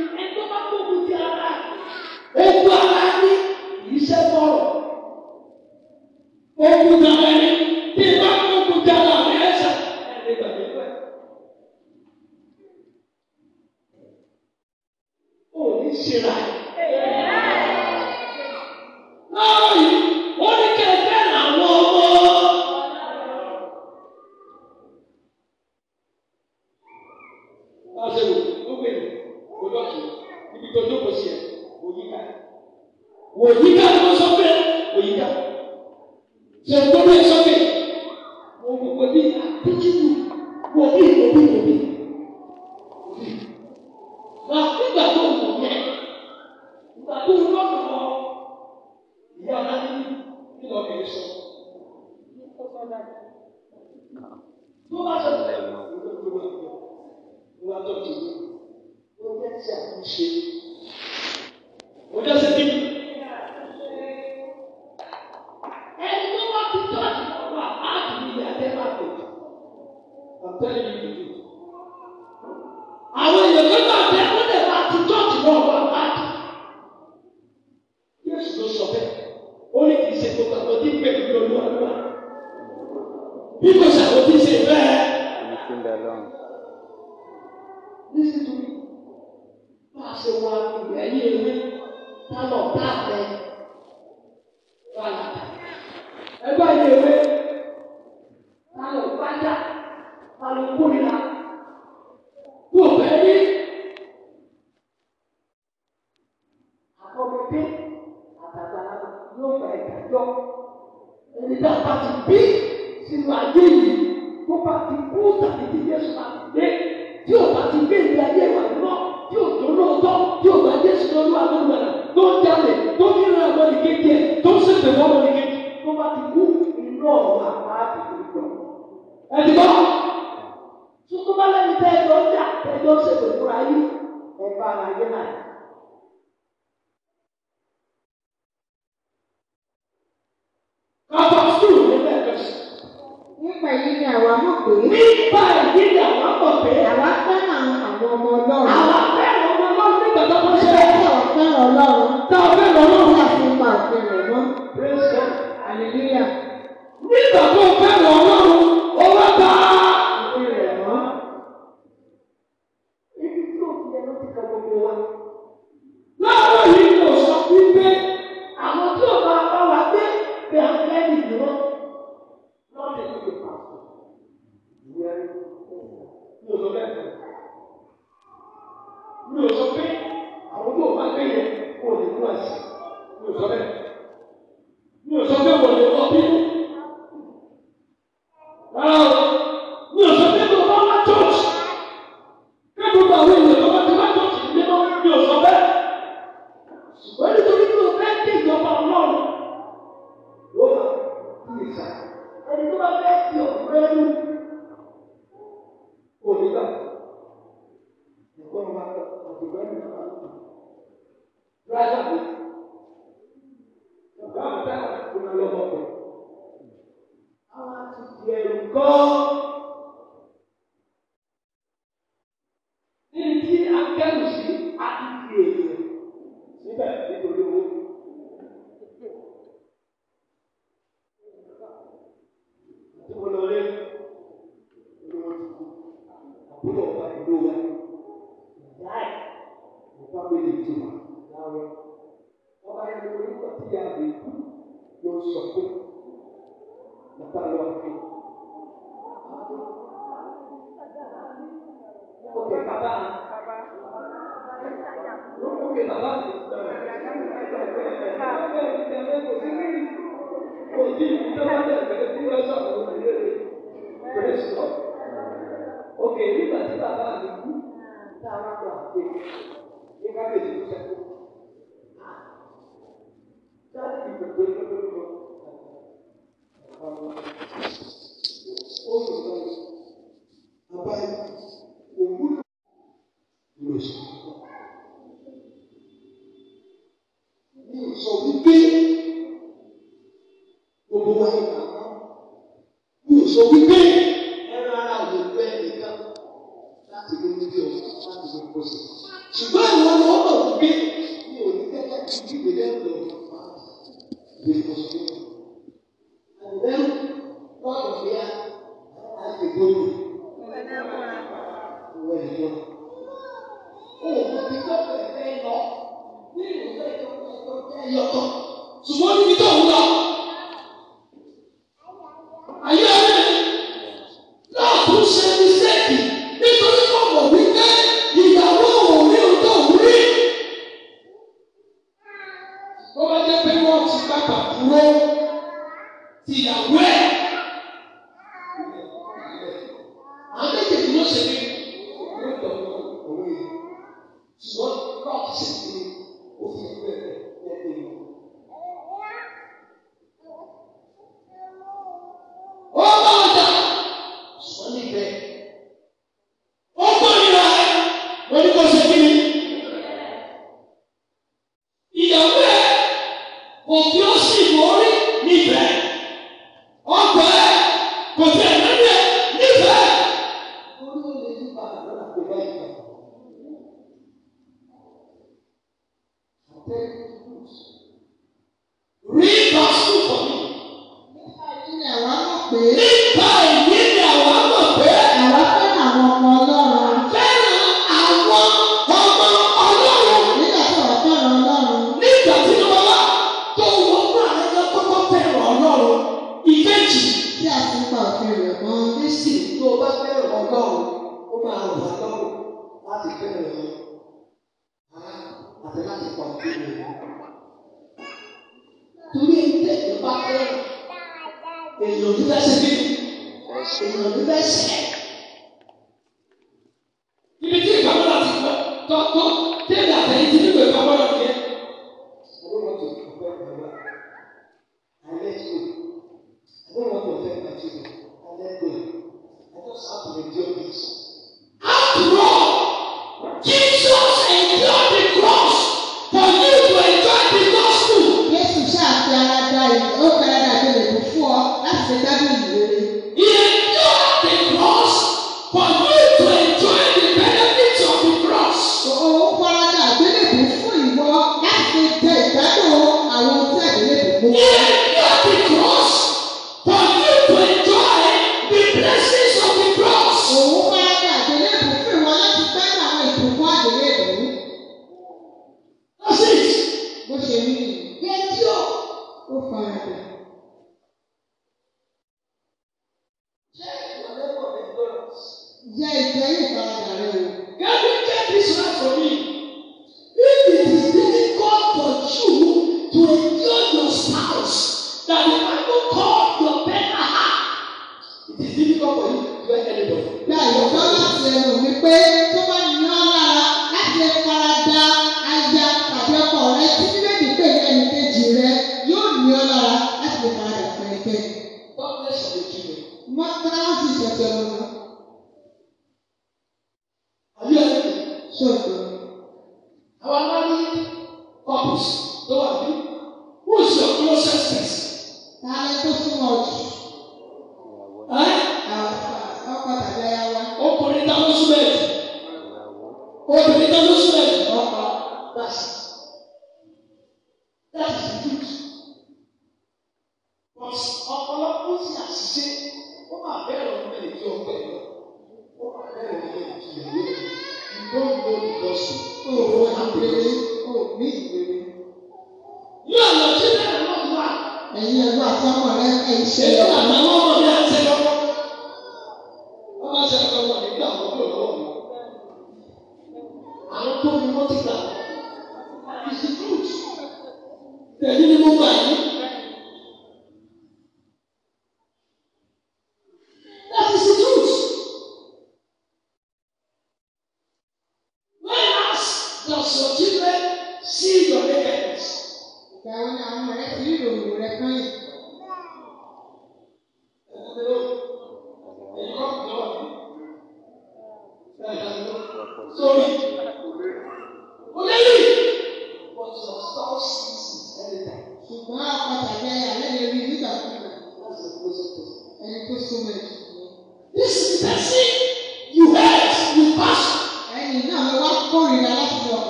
níbi ọ̀sán láti ṣe kó sí. ṣùgbọ́n àwọn ọmọ ọmọ gbé mi ò ní kẹ́kẹ́ kí ìgbélé ọ̀dọ̀ máa gbé kó sí.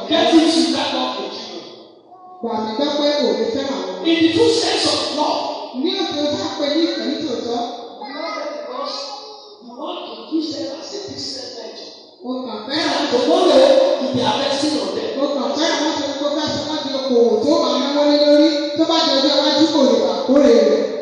Getting to that love for children. Wà mí gbọ́ pé kò lè fẹ́ràn àwọn. In the true sense of love. Ní òtún tá a pè ní ìkànnì tòótọ́. You want to use them as a business venture. O kàn fẹ́ràn. And tomorrow you be harvesting on them. O kàn fẹ́ràn wọ́n ti kó fẹ́ sọ́kàtì okòwò tó máa náwó lé lórí tó bá jẹ́ ọjọ́ iwájú kò lè bà kórè rẹ̀.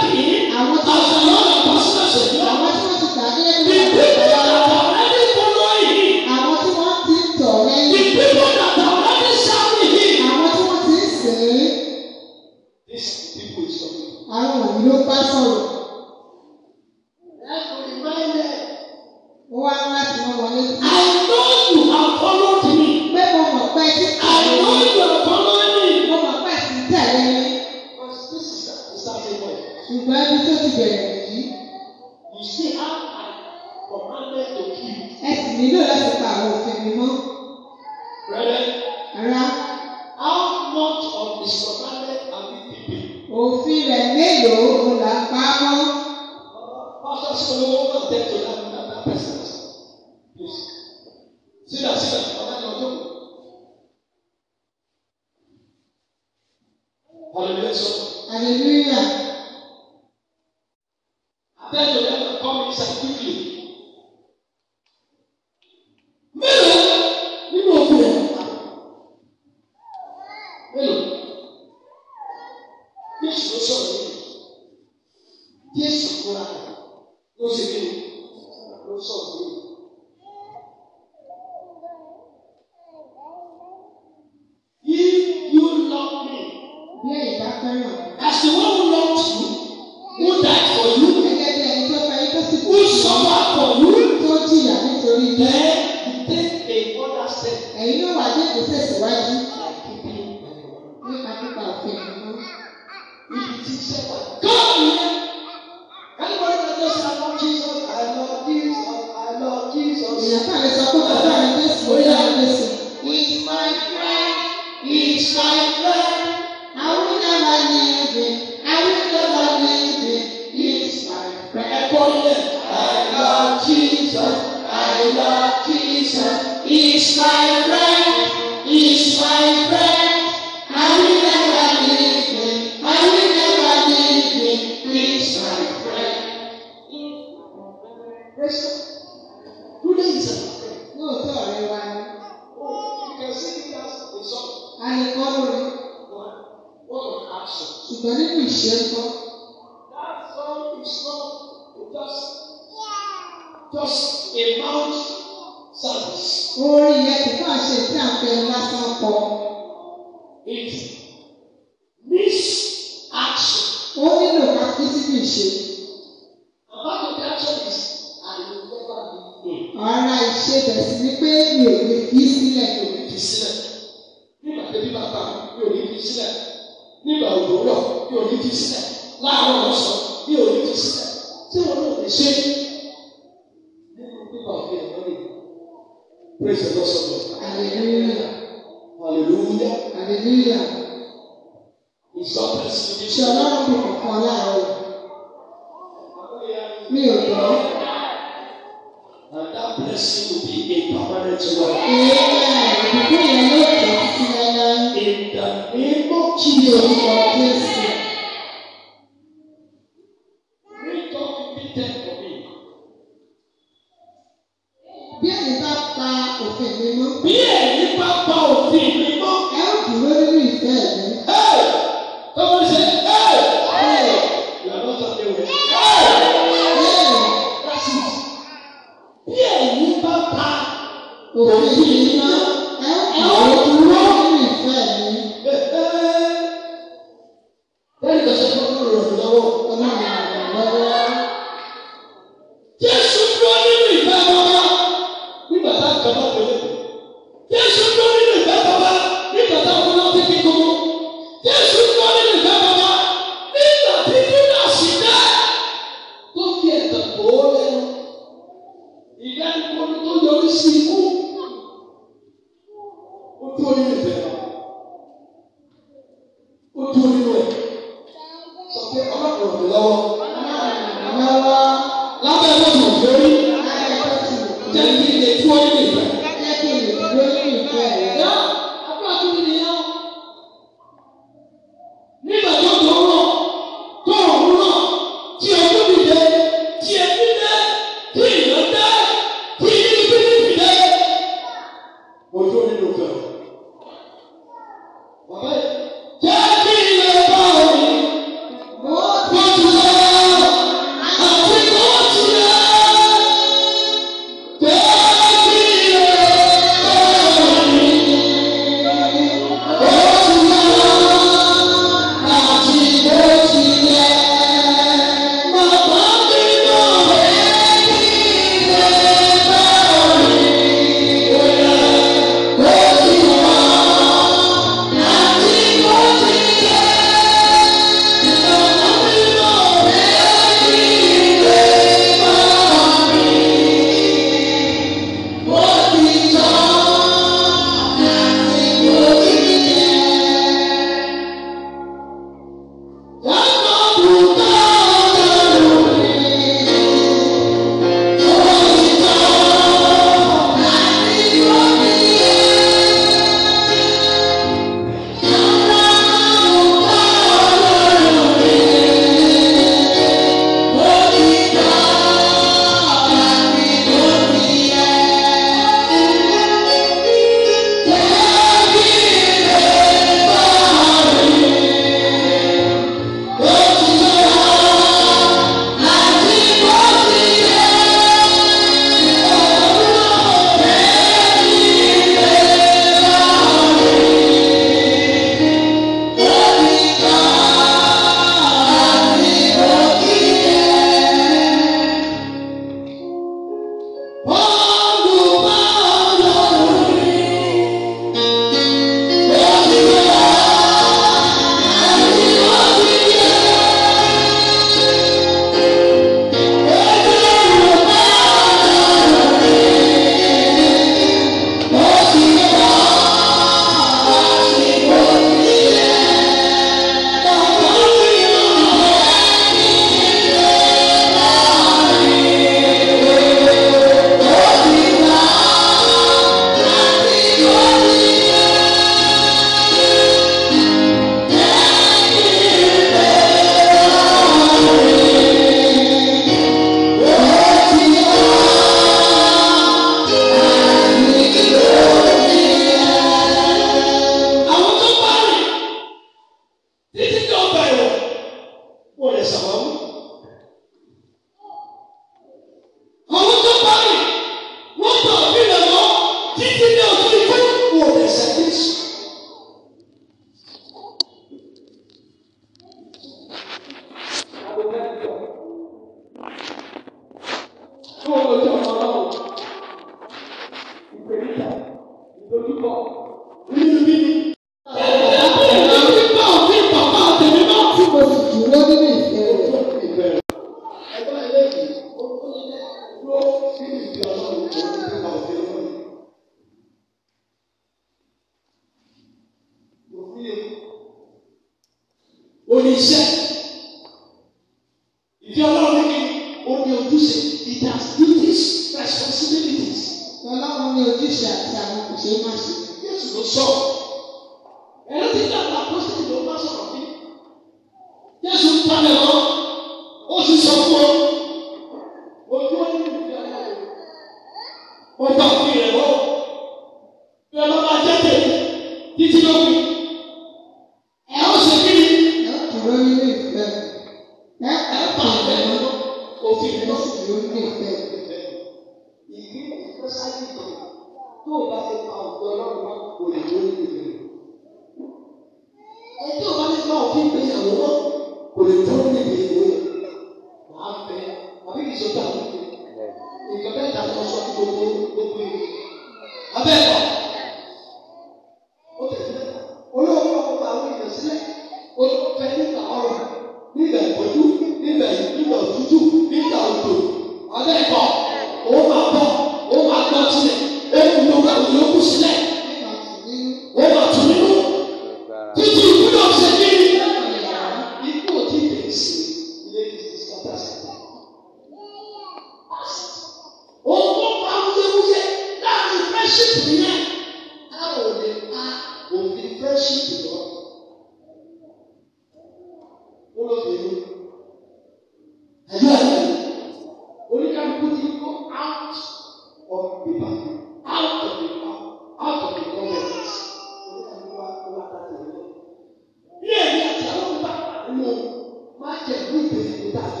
you no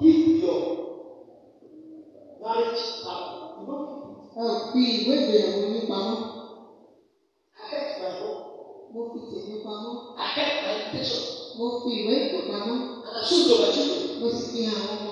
keep your marriage you no keep it. ẹ fi ìwé ìgbéyàwó yín pamọ́. akẹ́kọ̀ọ́ ẹ̀kọ́. mo fi tèmi pamọ́. akẹ́kọ̀ọ́ ẹ̀kọ́. mo fi ìwé ìgbò pamọ́. àṣùjọ ẹ̀jú. mo sì fi hàn wọ́n.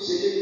Thank you.